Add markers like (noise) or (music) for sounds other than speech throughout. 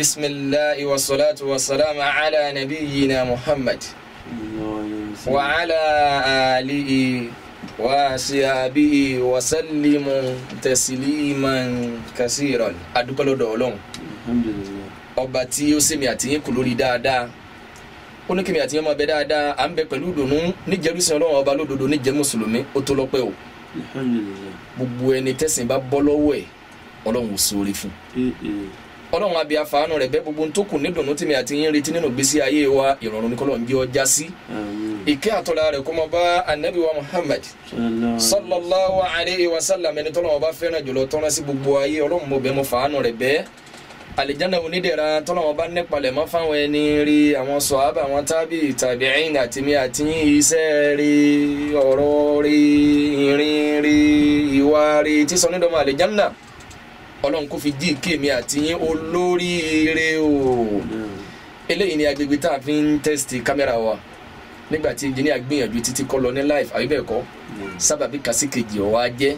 بسم الله والصلاة والسلام على نبينا محمد وعلى آله وصحبه وسلم تسليما كثيرا adúpẹ́ lọ́dọ̀ Ọlọ́run ọba tí ó ṣèmi àtìyín kù lórí dáadáa ó ní kí mi àtìyín máa bẹ dáadáa à ń bẹ pẹ̀lú ìdùnnú níjẹ́rìsìn Ọlọ́run ọba lódodo níjẹ́ mùsùlùmí ó tó lọ́pẹ́ o gbogbo ẹni tẹ̀sìn bá bọ́ lọ́wọ́ ẹ̀ Ọlọ́run ò ṣoore fún un. Eh, eh ọlọ́run abẹ́ àfàánú rẹ̀ bẹ́ẹ̀ gbogbo tó kù nídùnnú tèmi àti yín retí nínú gbèsè ayé wa ìrọ̀rùn ní kọ́lọ́run jẹ́ ọjà sí. ìkẹ́ àtọ́lá rẹ̀ kó mọ bá anabi wa muhammad sallallahu alayhi wa sallam ẹni tọ́lọ́run ọba fẹ́ràn jùlọ tọ́lá sí gbogbo ayé ọlọ́run mo bẹ́ẹ̀ mo fàánú rẹ̀ bẹ́ẹ̀ àlìjáná onídẹ̀ra tọ́lọ́wọ́n bá nípalẹ̀ mọ́ fáwọn ẹni rí àwọn sọ̀hábà àwọn tábì tàbí ẹ̀yìn àtìmí àti iṣẹ́ rí ọ̀rọ̀ rí ìrìn rí ìwà rí tí sọ nídọ̀mọ́ àlìjáná ọlọ́run kò fi díì kémi àti yín olóríire o eléyìí ni agbègbè tá a fi ń tẹ́sítì kámẹ́rà wa nígbà tí engineer gbìyànjú títí kọ́ lọ ní life àbí bẹ́ẹ̀ kọ́ sábàbí kásìkejì ọ̀wá jẹ́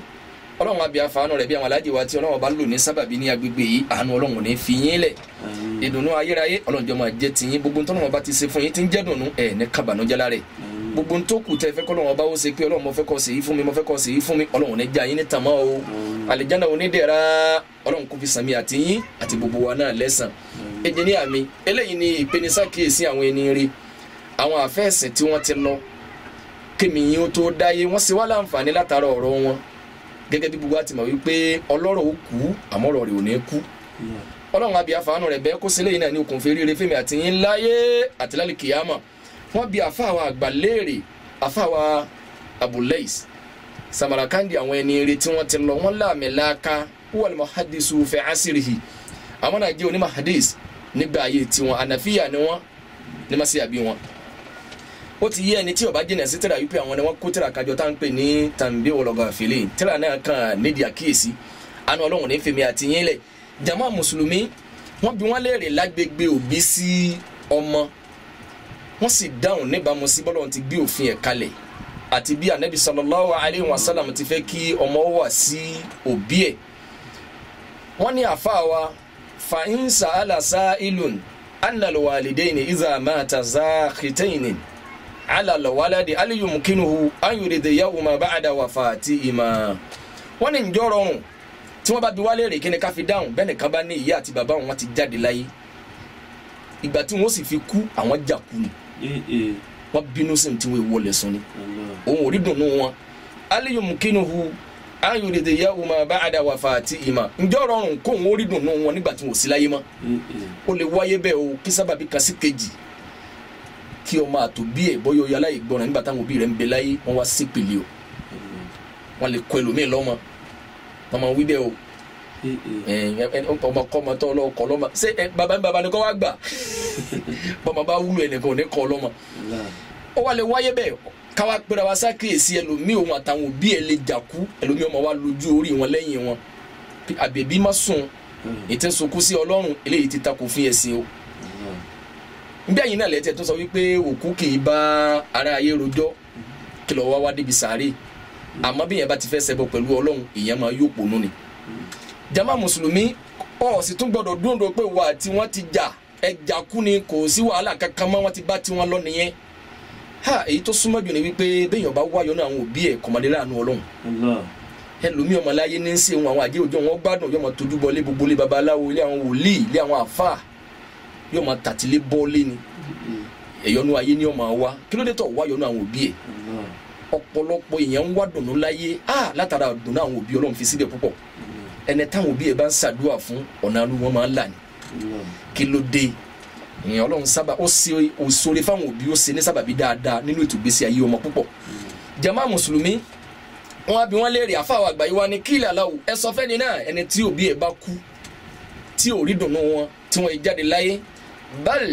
ọlọ́run àbí àfàánù rẹ̀ bí àwọn aláàjì wa tí ọlọ́run bá lò ní sábàbí ní agbègbè yìí àánú ọlọ́run ní fi yín lẹ̀ ìdùnnú ayérayé ọlọ́run jọ máa jẹ́ tiyín gbogbo tọ́lọ́run bá ti ṣe fún yín tí ń jẹ́ dùnnú ẹ̀ ní kàbànújẹ́ lára ẹ̀ gbogbo tó kù tẹ́ fẹ́ kọ́ lọ́run bá ó ṣe pé ọlọ́run mo fẹ́ kó ṣe yìí fún mi mo fẹ́ kó ṣe yìí fún mi ọlọ́run ní já yín ní tàmá o àlìjáná onídẹ̀ra ọlọ́run kò fi sàn mí àti yín àti gbogbo wa náà lẹ́sàn ẹnjìníà mi eléyìí ni ìpenisákìyèsí àwọn ẹni rí àwọn àfẹ́sìn tí wọ́n ti lọ kémi yín ó tó dáyé wọ́n sì wá láǹfààní látara ọ̀rọ̀ wọn gẹ́gẹ́ bí gbogbo àti mọ̀ wípé ọlọ́rọ̀ ó kú àmọ́ ọ̀rọ̀ rẹ̀ ò ní kú ọlọ́run àbí àfàánù rẹ̀ bẹ́ẹ̀ kó sílẹ̀ yìí náà ní okùn fi ríire àti yín láyé àti lálẹ́ kìyàmọ̀ wọ́n bí àfàwọn àgbà léèrè àfàwọn Samarkandi àwọn ẹni eré tí wọ́n ti lọ wọ́n láàmì láàka wọ́n mọ̀ hadisu fẹ́ asirihi àwọn náà jẹ́ onímọ̀ hadis nígbà ayé tiwọn ànàfíà ni wọ́n ní má sí àbí wọn. ó ti yé ẹni tí ó jìnnà sí tírà wípé àwọn ni wọ́n kó tírà kájọ tá à ń pè ní tàǹbí ọlọ́gà fèlè tírà náà kàn nídìí àkíyèsí àánú ọlọ́run ní fèmí àti yín lẹ̀ jàmá mùsùlùmí wọ́n bi wọ́n léèrè lágbègbè òbí sí ọmọ wọ́n sì dáhùn níbàámu sí bọ́lọ́run ti gbé òfin ẹ̀ kalẹ̀ àti bí anabi sallallahu alayhi wa sallam ti fẹ́ kí ọmọ wà sí òbí ẹ̀ wọ́n ní àfàwà fàyínsà alasa ilun analwalidaini iza mata zakhitaini ala alwaladi aliyumkinuhu anyuride yawma ba'da wafati ima wọ́n ní ǹjọ́ rọrùn tí wọ́n bá bi wálé rè kíni ká fi dáhùn bẹ́ẹ̀ nìkan bá ní ìyá àti bàbá wọn ti jáde láyé ìgbà tí wọ́n sì fi kú àwọn jà kú ni. Eh, eh wabinu sɛm ti wei wɔlɛ so ni wɔn wɔri dunu wɔn aliyu mukinuhu ayọ̀dẹ̀dẹ̀ yà wọ́n máa bá àdáwà fa àti ìmà ǹjẹ́ ọ̀rọ̀ ọ̀run kó wọn rí dùnú wọn nígbà tí wọn ò sí láyé mọ́ ó lè wáyé bẹ́ẹ̀ o kí sábàbí kan sí kejì kí ọmọ àtòbí ẹ̀ bọ́yọ̀ yọ aláìgbọràn nígbà táwọn òbí rẹ̀ ń bẹ láyé wọn wá sí pèlè o wọn lè kọ ẹlòmíì lọ́mọ wọn wí bẹ́ẹ̀ o ọmọ kọ́ ọmọ tó lọ kọ́ lọ́mọ ṣé bàbá ní bàbá ní kọ́ wá bá wúlò ẹnìkan ò ní kọ́ lọ́mọ ó wà lè wáyé bẹ́ẹ̀ káwá pera wa sákìyèsí ẹlòmíì òun àtàwọn òbí ẹ̀ lè jàkú ẹlòmíì ọmọ wa lójú orí wọn lẹ́yìn wọn àbẹ̀bí má sùn hmm. ìtẹ̀sọ̀kú sí ọlọ́run eléyìí ti takò fún ẹ̀sìn o hmm. bí ẹ̀yin náà lẹ́tẹ̀ tó sọ wípé òkú kì í bá ara ayé rojọ́ kí lọ́ọ́ wá wá débi sàárè hmm. àmọ́ bí yẹn bá ti fẹ́ ṣẹbọ pẹ̀lú ọlọ́run ìyẹn máa yóò pònú ni jama mùsùlùmí ọ sì tún gbọdọ̀ dúndò pé wà tí wọ́n ti jà ẹ̀jà kú ni kò sí wàhálà kankan mọ́ wọ́n ti bá tiwọn lọ nìyẹn ha èyí tó súnmọ́ jù ni wípé béèyàn bá wáyọ̀ náà àwọn òbí ẹ̀ kọ̀mọ́dé láàánú ọlọ́run ẹlòmíì ọmọláyé ní í ṣe òun àwọn àjẹ òjò wọn gbádùn yóò máa tójú bọlé gbogbo ilé babaláwo ilé àwọn wòlíì ilé àwọn àfáà yóò máa tàtílé bọ́ọ̀lé ni ẹ̀yọ́nú ayé ni yóò máa wá kí ló dé tó wá yọ̀nú àwọn òbí ẹ̀ ọ̀pọ̀lọpọ̀ èèyàn ń wá dùnú láyé á látara dùnú àwọn òbí ọlọ́run fi síbẹ̀ púpọ̀ mm. ẹni táwọn òbí ẹ̀ bá ń ṣàdúrà fún ọ̀nà àánú máa ń là ní kí ló dé ìyẹn ọlọ́run sábà ó ṣe òṣòre fáwọn òbí ó ṣe ní sábàbí dáadáa nínú ètò ìgbésí ayé ọmọ púpọ̀ jama mùsùlùmí wọn á bi wọn léèrè àfàwọn àgbáyé wa ní kílẹ̀ aláwo ẹ sọ fẹ́ni náà ẹni tí òbí ẹ̀ bá kú tí ò rí dùnú wọn tí wọn jáde láyé bal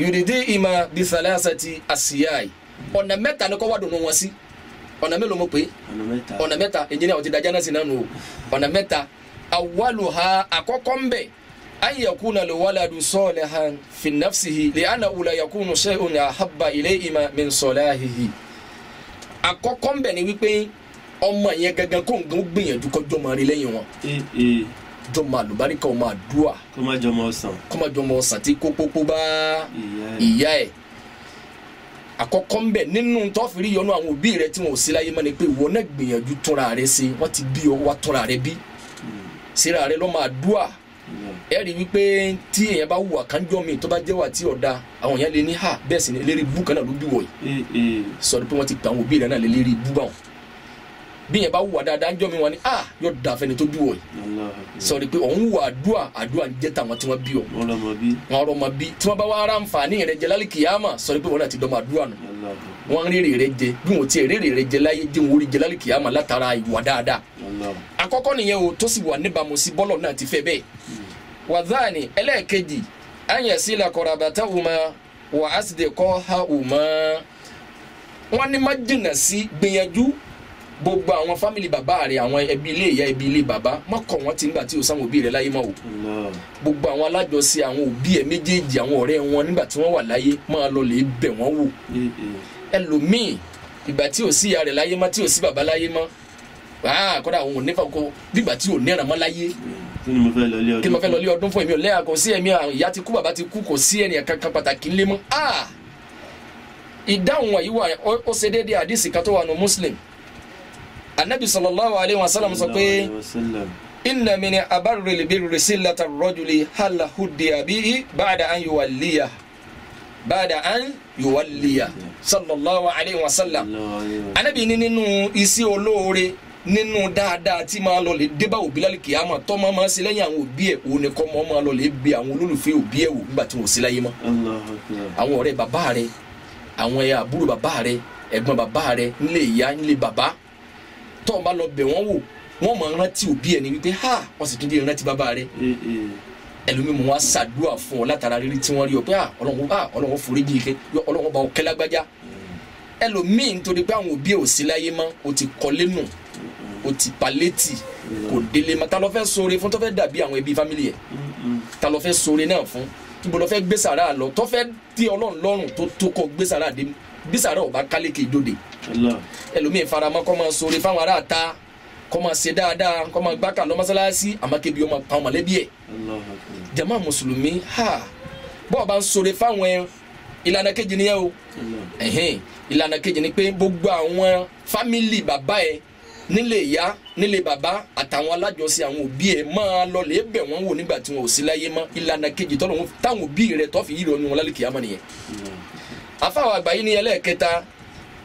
yorùdí ìmọ̀ bisalásàtì àṣìyáì ọ̀nà mẹ́ta ni kọ́ wá dùnú wọn sí ọ̀nà mélòó mo pé ọ̀nà mẹ́ta ẹnjìnìá ọ̀tí dájá náà náà nù ọ̀nà mẹ́ta àwálùhà àkọ́kọ́ ń bẹ̀ an yakuna lwaladu solihan fi nafsihi li'annahu la yakunu shay'un ahabba ilayhima min salahihi àkọ́kọ́ ń bẹ̀ ni wípé ọmọ yẹn gangan kó nǹkan gbìyànjú kọjọ́ máa rí lẹ́yìn wọn jọ máa lùbáríkà ọmọ àdúrà kó má jọ ọmọ ọsàn kó má jọ ọmọ ọsàn tí kó ìyá ẹ̀ àkọ́kọ́ ń nínú tọ́fìrí yọnu àwọn òbí rẹ tí wọn ò sí láyé mọ́ ni pé ìwọ náà gbìyànjú túnra rẹ ṣe wọ́n ti bí ọ wá túnra rẹ bí hmm. síra rẹ lọ́mọ àdúrà ẹ rí wípé tí èèyàn bá hùwà kánjọ́ mi tó bá jẹ́ tí ọ̀dà àwọn èèyàn lè ní ha bẹ́ẹ̀ sì ni eléré bú kan náà ló bí wọ̀ yìí eh, eh. sọ pé wọ́n ti gbà àwọn òbí rẹ̀ náà lè lérí bú báwọn bí yẹn bá hùwà dáadáa ń mi wọn ni ah yóò da afẹ́ni tó bí wọ̀ yìí sọ pé òun hùwà àdúà àdúà ń jẹ́ tàwọn tí wọ́n bí ọ wọn ọ̀rọ̀ mọ̀ bí tí wọ́n bá wá ara ń fà ní ìrẹ́jẹ lálẹ́ kìyàmà sọ pé wọn náà ti dọ́mọ àdúà nù wọn rírì rẹ jẹ bí wọn tiẹ̀ rírì rẹ jẹ láyé jẹ orí jẹ lálẹ́ kìyàmà látara ìwà dáadáa àkọ́kọ́ nìyẹn o tó sì wà níbàámu sí bọ́lọ̀ náà ti fẹ́ bẹ́ẹ̀ wàzáàni ẹlẹ́ẹ̀kejì ayẹ̀sílà kọ̀rọ̀bàtà hùmà wà á sì dé kọ́ ha hùmà wọ́n ní má jìnnà sí gbìyànjú gbogbo àwọn fámìlì bàbá rẹ àwọn ẹbí ilé ìyá ẹbí ilé bàbá má kọ̀ wọ́n ti nígbà tí o sáwọn òbí rẹ láyé máa wò gbogbo àwọn alájọsí àwọn òbí ẹ méjèèjì àwọn ọ̀rẹ́ wọn nígbà tí wọ́n wà láyé máa lọ lè bẹ̀ wọ́n wò ẹlòmíì ìgbà tí o sí ìyá rẹ láyé mọ́ tí o sí bàbá láyé mọ́ kódà òun ò ní fà kó bígbà tí o ní ẹ̀ràn mọ́ láyé. Mm -hmm kí ni mo fẹ́ lọ lé ọdún fún kí ni mo fẹ́ lọ lé ọdún fún èmi ò lẹ́yà kò sí ẹ̀mí ìyá ti kú bàbá ti kú kò sí ẹnìyàn kankan pàtàkì ńlẹ̀ mọ́ ah ìdáhùn wọ̀nyí wà ó ṣe déédéé àdìsí kan tó wà nù muslim anabi sallallahu alayhi wa sallam sọ pé inna min abarril birri sillata rajuli hala hudiya bihi ba'da an yuwalliya ba'da an yuwalliya sallallahu alayhi wa sallam anabi ní nínú iṣẹ́ olóore nínú dáadáa tí máa lọ lè débà òbí lálẹ́ kìámà tọ́mọ máa ṣe lẹ́yìn àwọn òbí ẹ̀ òun nìkan mọ́ máa lọ lè bi àwọn olólùfẹ́ òbí ẹ̀ wò nígbà tí wọ́n sí láyé mọ́. àwọn ọ̀rẹ́ bàbá rẹ àwọn ẹ̀yà àbúrò bàbá rẹ ẹ̀gbọ́n bàbá rẹ nílé ìyá nílé bàbá tọ́ bá lọ bẹ̀ wọ́n wò wọ́n máa rántí òbí ẹ̀ ní wípé ha wọ́n sì tún dé rántí bàbá rẹ eh, eh. ẹlòmíì mo wá ṣàdúrà fún ọ látara rírí tí wọ́n rí mm. ẹlòmíì nítorí pé àwọn òbí ò sí láyé mọ́ o ti kọ́lé nù o ti palétì kò délé ma ta ló fẹ́ ṣoore fún tó fẹ́ dàbí àwọn ẹbí fámìlì yẹ ta ló fẹ́ ṣoore náà fún ibo ló fẹ́ gbé sàrà lọ tó fẹ́ di ọlọ́run lọ́rùn tó tó kọ gbé sàrà dé bí sàrà ò bá kálé kì í dòde ẹlòmíín faramọ́ kọ́ máa ṣoore fáwọn ará ta kọ́ máa ṣe dáadáa kọ́ máa gbáka lọ mọ́sálásí àmọ́ kébi ọmọ àwọn mọ̀lẹ́bí ẹ̀ jama mùsùlùmí ha bọ́ọ̀ bá ń ṣoore fáwọn ìlànà kejì nìyẹn o ìlànà kejì ni pé gbogbo àwọn fámìlì bàbá ẹ nílé ìyá nílé bàbá àtàwọn alájọsí àwọn òbí ẹ máa lọ lè bẹ̀ wọ́n wò nígbà tí wọn ò sí láyé mọ́ ìlànà kejì tọ́lọ̀ wọn táwọn òbí rẹ tọ́ fi yí lọ ní wọn lálẹ́ kìámọ́ nìyẹn. afáwọn àgbáyé ní ẹlẹ́ẹ̀kẹta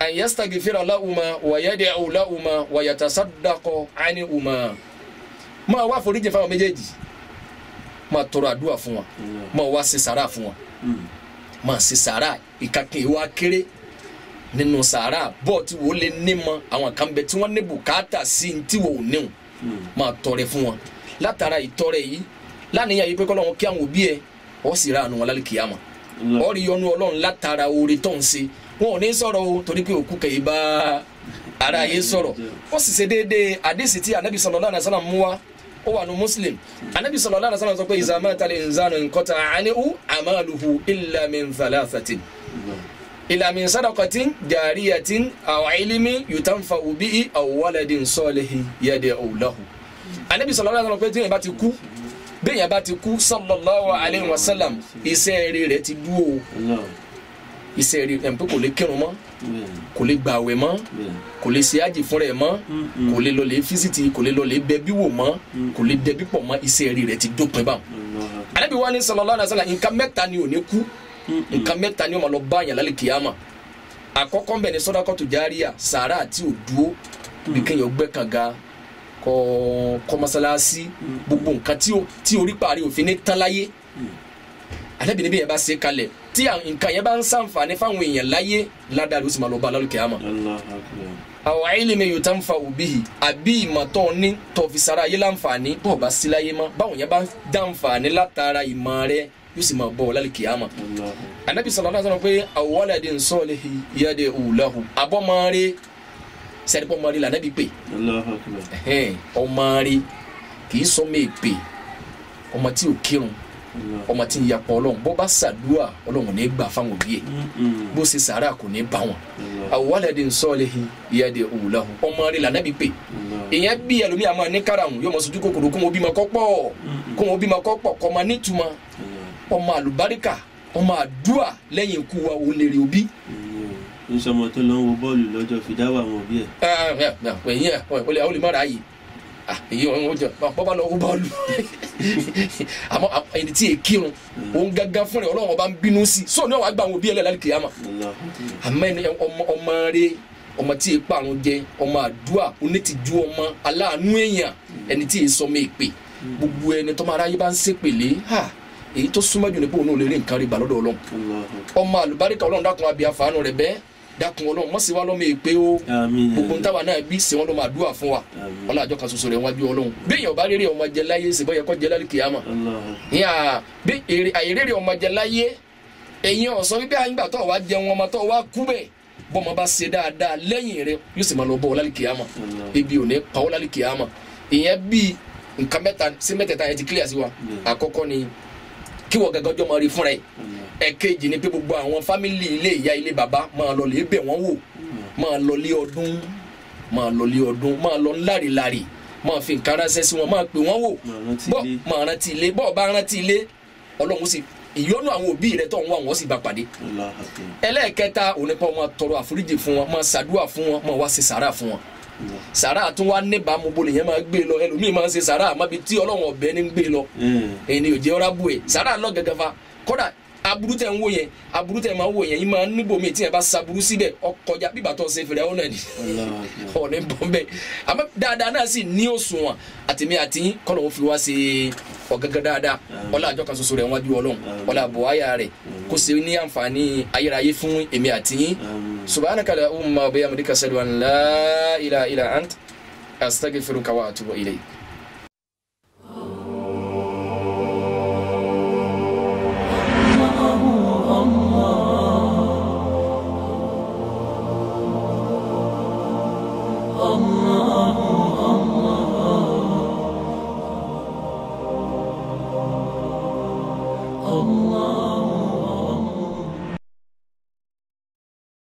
àyẹ́sítàgìfẹ́ra láwùmá wàyẹ́dẹ́ àwùláwùmá wàyàtàsádàkọ àníwùmá máa wá foríjì fáwọn méjèèjì máa tọrọ àdúrà fún wọn máa wá ṣe sàrà fún wọn máa hmm. ṣe sàrà ìkàkùn nínú sàárà bọ́ọ̀tì wo lè nímọ̀ àwọn kan bẹ tí wọ́n ní bùkátà sí tí wò ó níwò máa tọrẹ fún wọn látara ìtọrẹ yìí lánìyàn yìí pé kọ́ lọ́wọ́ kí àwọn òbí ẹ ọ́ sì ra àánú wọn lálẹ́ kìyàmà ọ́ rí yọ́nú ọlọ́run látara oore tó ń ṣe wọn ò ní sọ̀rọ̀ o torí pé òkú kẹ̀yìn bá ara yìí sọ̀rọ̀ ó sì ṣe déédéé àdéhìsì tí anabi sallallahu alaihi wasallam mú wa ó wà ní muslim anabi sallallahu alaihi wasallam sọ pé ìzàmẹ́ta lè ń zanu nǹkan ta àníhù ila min sadaqatin jariyatin aw ilmin yutanfa'u bihi aw waladin salihin yad'u lahu anabi sallallahu alaihi wasallam pé téèyàn bá ti kú béèyàn bá ti kú sallallahu alaihi wasallam iṣẹ́ rere rẹ̀ ti dúró iṣẹ́ rere ẹ̀ ń pé kò lè kírun mọ́ kò lè gbàwẹ̀ mọ́ kò lè ṣe ájì fúnra ẹ̀ mọ́ kò lè lọ lè físítì kò lè lọ lè bẹbí wò mọ́ kò lè dẹbí pọ̀ mọ́ iṣẹ́ rere rẹ̀ ti dópin báwọn anabi wa ni sallallahu alaihi wasallam nǹkan mẹ́ta ni ò ní kú nǹkan mẹ́ta ni ó máa lọ bá àyàn lálẹ́ kìyàmà àkọ́kọ́ ń bẹ̀ ní sọ́dákọ́tù járíà sàárà àti òdúró bí kéèyàn gbẹ́ kànga kọ́ kọ́ mọ́sálásí gbogbo nǹkan tí orí parí òfin ní tán láyé àtẹ́bìnrin ba yẹn bá ṣe kalẹ̀ tí nǹkan yẹn bá ń sàǹfààní fáwọn èèyàn láyé ládàá ló sì máa lọ bá lálùkẹ́ àmọ́. àwọn àìlè mi yóò tá ń fa òbí yìí àbí ìmọ̀tọ́ ní tọ̀fìsára ayé láǹfààní bọ̀ bá sí láyé mọ́ báwọn yẹn bá dáǹfààní látara ìmọ̀ yóò sì máa bọ̀ ọ́ lálẹ́ kìámà anabi sallallahu alaihi wasallam pé awaladin salihin yad'u lahu abọ́mọ́re sẹ́dípọ̀ mọ́re lànàbí pè ọmọre kì í sọ mí pè ọmọ tí ò kírun ọmọ tí ń yapọ̀ ọlọ́run bọ́ bá ṣàdúrà ọlọ́run ní gbà fáwọn òbí ẹ̀ bó ṣe sàárà kò ní bá wọn awaladin salihin yad'u lahu ọmọre lànàbí pè èèyàn bí ẹlòmíà máa ní káràhùn yóò mọ sojú kòkòrò kó wọn bímọ kọ́pọ̀ kó wọn bímọ kọ́pọ̀ kọ́ máa nítumọ̀ ọmọ àlùbáríkà ọmọ àdúà lẹ́yìn ikú wa òun lè rí òbí. nsọmọ tó lọ ń wo bọ́ọ̀lù lọ́jọ́ fi dáwọ́ àwọn òbí ẹ̀. ẹ̀yin ẹ̀ ọ̀lẹ́ àwọn olùmọ̀ràn ayé èyí ọ̀hún jẹ bọ́bá lọ wo bọ́ọ̀lù (laughs) àmọ́ ẹni tí èkírun òun gángan fúnra ọlọ́run ọba ń bínú sí so ní ọ̀wá gba àwọn òbí ẹ̀ lẹ́la kìyàmà àmọ́ ẹni ọmọ rẹ ọmọ tí èèpà àrùn jẹ ọmọ àdúà onítìjú ọmọ aláàánú èèyàn ẹni tí èèsọ mi èpè gbogbo ẹni tọ́mọ aráyé bá ń ṣèpèlé ha èyí tó súnmọ́ jù ní bóun náà lè rí nǹkan rí gbà lọ́dọ̀ ọlọ́run ọmọ àlùbáríkà ọlọ́run dákun àbí àfàànù rẹ̀ bẹ́ẹ̀ dákun ọlọ́run mọ̀sí wa lọ́mọ èpè o gbogbo ń táwa náà bí sèwọ́n lọ́mọ àdúrà fún wa ọlọ́run àjọ kan ṣoṣo rẹ̀ wájú ọlọ́run bí èèyàn bá rere ọmọ jẹ láyé ṣèbọ̀ yẹ kọ́ jẹ lálẹ́ kìyàmà bí àìrèrè ọmọ jẹ láyé èèyàn ọ̀sán wípé àyìnbá tó wàá jẹun ọmọ tó wàá kú bẹ́ẹ̀ bọ́mọ bá ṣe dáadáa lẹ́yìn rẹ yóò sì máa lọ bọ́ ọ lálẹ́ kìyàmà ebi ò ní pa ọ lálẹ́ kìyàmà ìyẹn bíi nǹkan mẹ́ta sí mẹ́tẹ̀ẹ̀ta yẹn ti clear sí wa àkọ́kọ́ ni kí wọ́n gẹ́gẹ́ ọjọ́ máa rí fúnra ẹ̀ ẹ̀kejì ni pé gbogbo àwọn fámìlì ilé ìyá ilé bàbá máa lọ lè bẹ̀ wọ́n wò máa lọ lé ọdún máa lọ lé ọdún máa lọ ńlárinlárin máa fi nǹkan ránṣẹ́ sí wọn máa pè wọ́n wò bọ́ máa rántí ilé bọ́ọ̀ bá rántí ilé ọlọ́run sì ìyọ́nú àwọn òbí rẹ tó ń wá wọn sì bá pàdé ẹlẹ́ẹ̀kẹta onípa máa tọrọ àforíjì fún wọn máa ṣàdúrà fún wọn máa wá ṣe sàárà fún wọn sàrà tún wá níbàámu bolo yẹn máa gbé lọ ẹlòmíì máa ń ṣe sàrà àmọ́ bíi tí ọlọ́run ọ̀bẹ ní gbé lọ hmm. ẹni òjẹ́ ọ̀rá bù ẹ̀ sàrà lọ gẹ́gẹ́ fa kódà aburú tẹ̀ ń wò yẹn aburú tẹ̀ máa ń wò yẹn yìí máa ń níbò míì tí yẹn bá saburú síbẹ̀ ọkọjá bíbà ṣe fèrè ọ̀nà ni ọ̀nà (laughs) ń bọ̀ bẹ́ẹ̀ àmọ́ dáadáa náà sì ní òṣùwọ̀n àtẹ̀mí àti kọ́nà òun fi wá ṣe ọ̀gángan dáadáa ọlá àjọ kan ṣoṣo rẹ̀ wájú ọlọ́run ọlá àbò àyà rẹ̀ kó ṣe ní àǹfààní ayérayé fún èmi àti سبحانك لا أم بأمرك أشهد أن لا إله إلا أنت أستغفرك وأتوب إليك